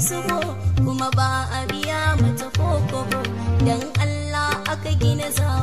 zubo kuma ba a biya mata ko dan Allah aka gina za